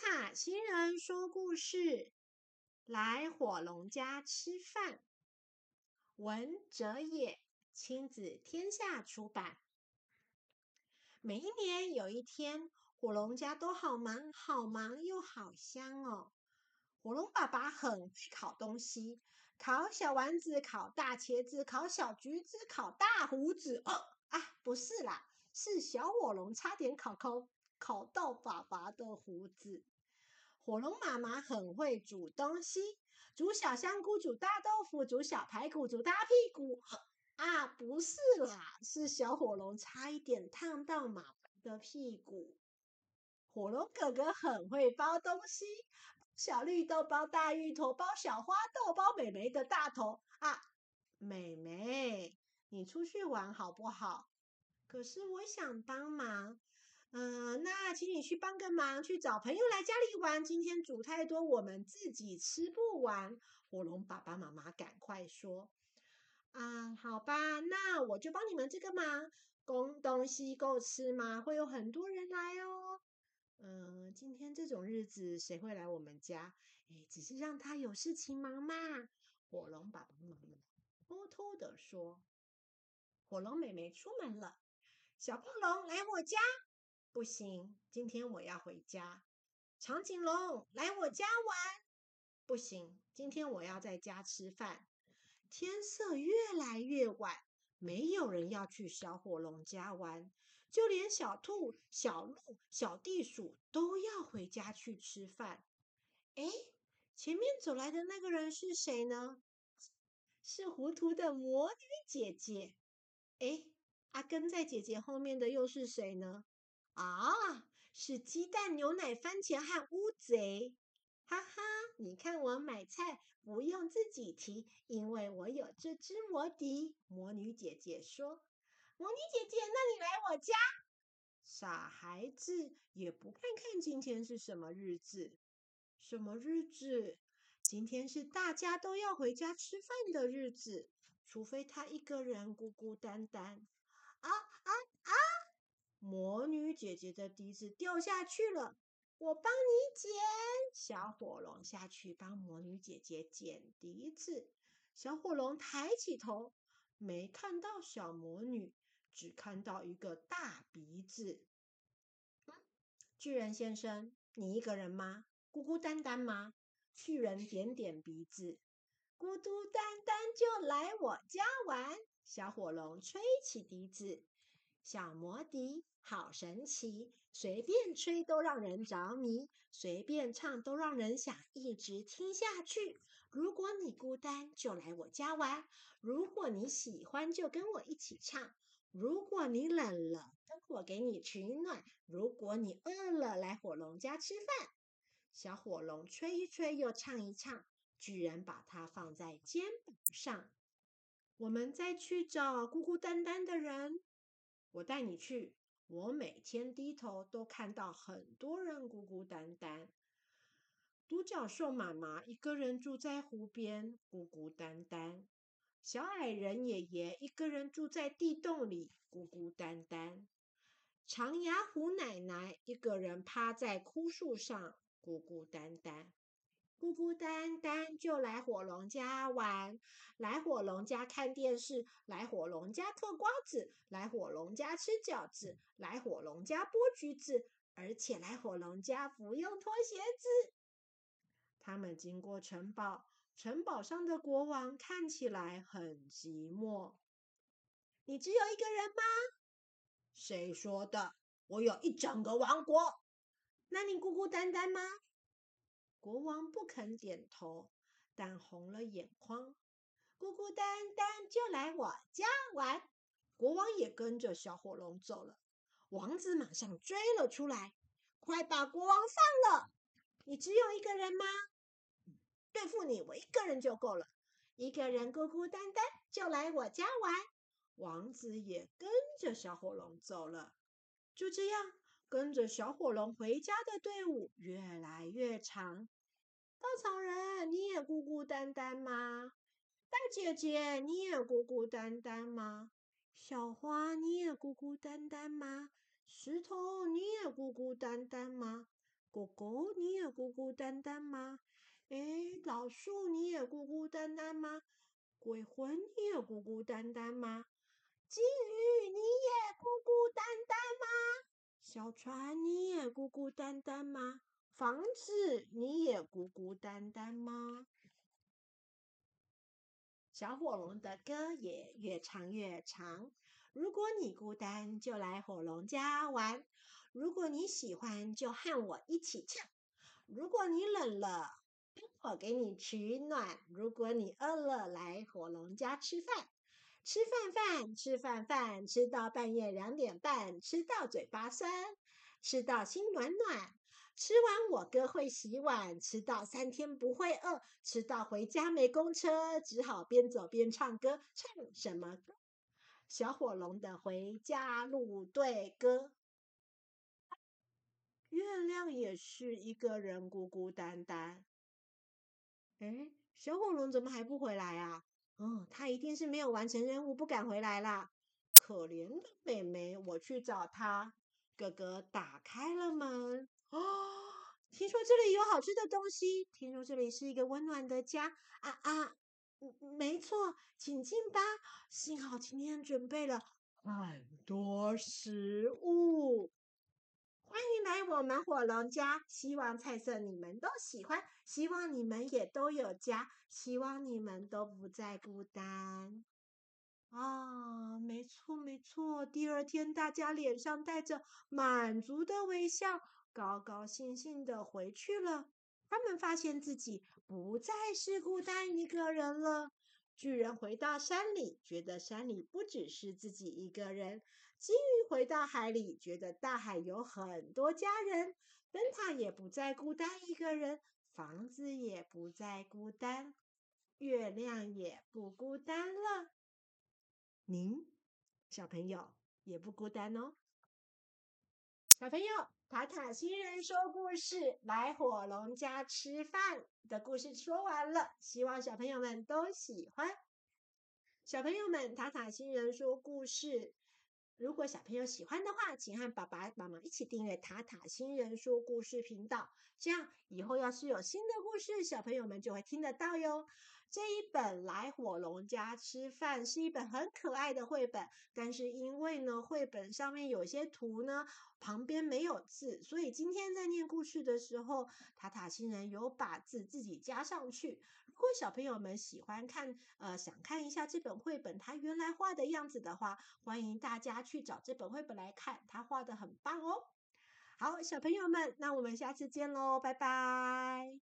卡星人說故事，來火龍家吃飯。文哲也，親子天下出版。每一年有一天，火龍家都好忙，好忙又好香哦。火龍爸爸很會烤東西，烤小丸子，烤大茄子，烤小橘子，烤大鬍子。哦啊，不是啦，是小火龍差點烤空。烤到爸爸的鬍子。火龍媽媽很會煮東西，煮小香菇，煮大豆腐，煮小排骨，煮大屁股。啊，不是啦，是小火龍差一點燙到媽媽的屁股。火龍哥哥很會包東西，包小綠豆，包大芋頭，包小花豆，包妹妹的大頭。啊，妹妹，你出去玩好不好？可是我想幫忙。嗯、呃，那請你去幫個忙，去找朋友來家裡玩。今天煮太多，我們自己吃不完。火龍爸爸媽媽趕快說，啊，好吧，那我就幫你們這個忙。供東西夠吃嗎？會有很多人來哦。嗯、呃，今天這種日子，誰會來我們家？哎，只是讓他有事情忙嘛。火龍爸爸媽媽偷偷地說，火龍妹妹出門了，小胖龍來我家。不行，今天我要回家。長頸龍來我家玩。不行，今天我要在家吃飯。天色越來越晚，沒有人要去小火龍家玩，就連小兔、小鹿、小地鼠都要回家去吃飯。哎，前面走來的那個人是誰呢？是，是糊塗的魔女姐姐。哎，啊，跟在姐姐後面的又是誰呢？啊、哦，是雞蛋、牛奶、番茄和烏賊，哈哈！你看我買菜不用自己提，因為我有這隻魔笛。魔女姐姐說：“魔女姐姐，那你來我家？”傻孩子，也不看看今天是什麼日子？什麼日子？今天是大家都要回家吃飯的日子，除非他一個人孤孤單單。啊啊！魔女姐姐的笛子掉下去了，我幫你撿。小火龍下去幫魔女姐姐撿笛子。小火龍抬起頭，沒看到小魔女，只看到一個大鼻子。嗯？巨人先生，你一個人嗎？孤孤單單嗎？巨人點點鼻子，孤孤單單就來我家玩。小火龍吹起笛子。小魔笛好神奇，隨便吹都讓人着迷，隨便唱都讓人想一直聽下去。如果你孤單，就來我家玩；如果你喜歡，就跟我一起唱；如果你冷了，等我給你取暖；如果你餓了，來火龍家吃飯。小火龍吹一吹，又唱一唱，居然把它放在肩膀上。我們再去找孤孤單單的人。我帶你去，我每天低頭都看到很多人孤孤單單。獨角獸媽媽一個人住在湖邊，孤孤單單。小矮人爺爺一個人住在地洞裡，孤孤單單。長牙虎奶奶一個人趴在枯樹上，孤孤單單。孤孤單單就來火龍家玩，來火龍家看電視，來火龍家嗑瓜子，來火龍家吃餃子，來火龍家剝橘子，而且來火龍家不用脫鞋子。他們經過城堡，城堡上的國王看起來很寂寞。你只有一個人嗎？誰說的？我有一整個王國。那你孤孤單單嗎？國王不肯點頭，但紅了眼眶，孤孤單單就來我家玩。國王也跟着小火龍走了。王子馬上追了出來，快把國王放了！你只有一個人嗎？對付你，我一個人就夠了。一個人孤孤單單就來我家玩。王子也跟着小火龍走了。就這樣，跟着小火龍回家的隊伍越來越長，稻草人，你也孤孤單單嗎？大姐姐，你也孤孤單單嗎？小花，你也孤孤單單嗎？石頭，你也孤孤單單嗎？狗狗，你也孤孤單單嗎？誒、哎，老樹，你也孤孤單單嗎？鬼魂，你也孤孤單單嗎？金魚，你也孤孤單單嗎？小船，你也孤孤單單嗎？房子，你也孤孤單單嗎？小火龍的歌也越唱越長。如果你孤單，就來火龍家玩；如果你喜歡，就和我一起唱。如果你冷了，我給你取暖；如果你餓了，來火龍家吃飯。吃飯飯，吃飯飯，吃飯飯，吃到半夜兩點半，吃到嘴巴酸，吃到心暖暖。吃完，我哥會洗碗；吃到三天不會餓；吃到回家沒公車，只好邊走邊唱歌。唱什麼歌？小火龍的回家路隊歌。月亮也是一個人，孤孤單單。哎，小火龍怎麼還不回來啊？哦，他一定是沒有完成任務，不敢回來啦。可憐的妹妹，我去找他。哥哥打開了門。哦，聽說這裡有好吃的東西，聽說這裡是一個溫暖的家。啊啊，沒錯，請進吧。幸好今天準備了很多食物，歡迎來我們火龍家。希望菜色你們都喜歡，希望你們也都有家，希望你們都不再孤單。啊、哦，沒錯，沒錯。第二天，大家臉上帶着滿足的微笑。高高興興的回去了。他們發現自己不再是孤單一個人了。巨人回到山裡，覺得山裡不只是自己一個人。鯨魚回到海裡，覺得大海有很多家人。燈塔也不再孤單一個人，房子也不再孤單，月亮也不孤單了。您，小朋友也不孤單哦，小朋友。塔塔星人說故事，來火龍家吃飯的故事說完了，希望小朋友們都喜歡。小朋友們，塔塔星人說故事，如果小朋友喜歡的話，請和爸爸媽媽一起訂閱塔塔星人說故事頻道，這樣以後要是有新的故事，小朋友們就會聽得到喲。這一本來火龍家吃飯是一本很可愛的繪本，但是因為呢，繪本上面有些圖呢，旁邊沒有字，所以今天在念故事的時候，塔塔星人有把字自己加上去。如果小朋友們喜歡看，呃，想看一下這本繪本它原來畫的樣子的話，歡迎大家去找這本繪本來看，它畫得很棒哦。好，小朋友們，那我們下次見嘍，拜拜。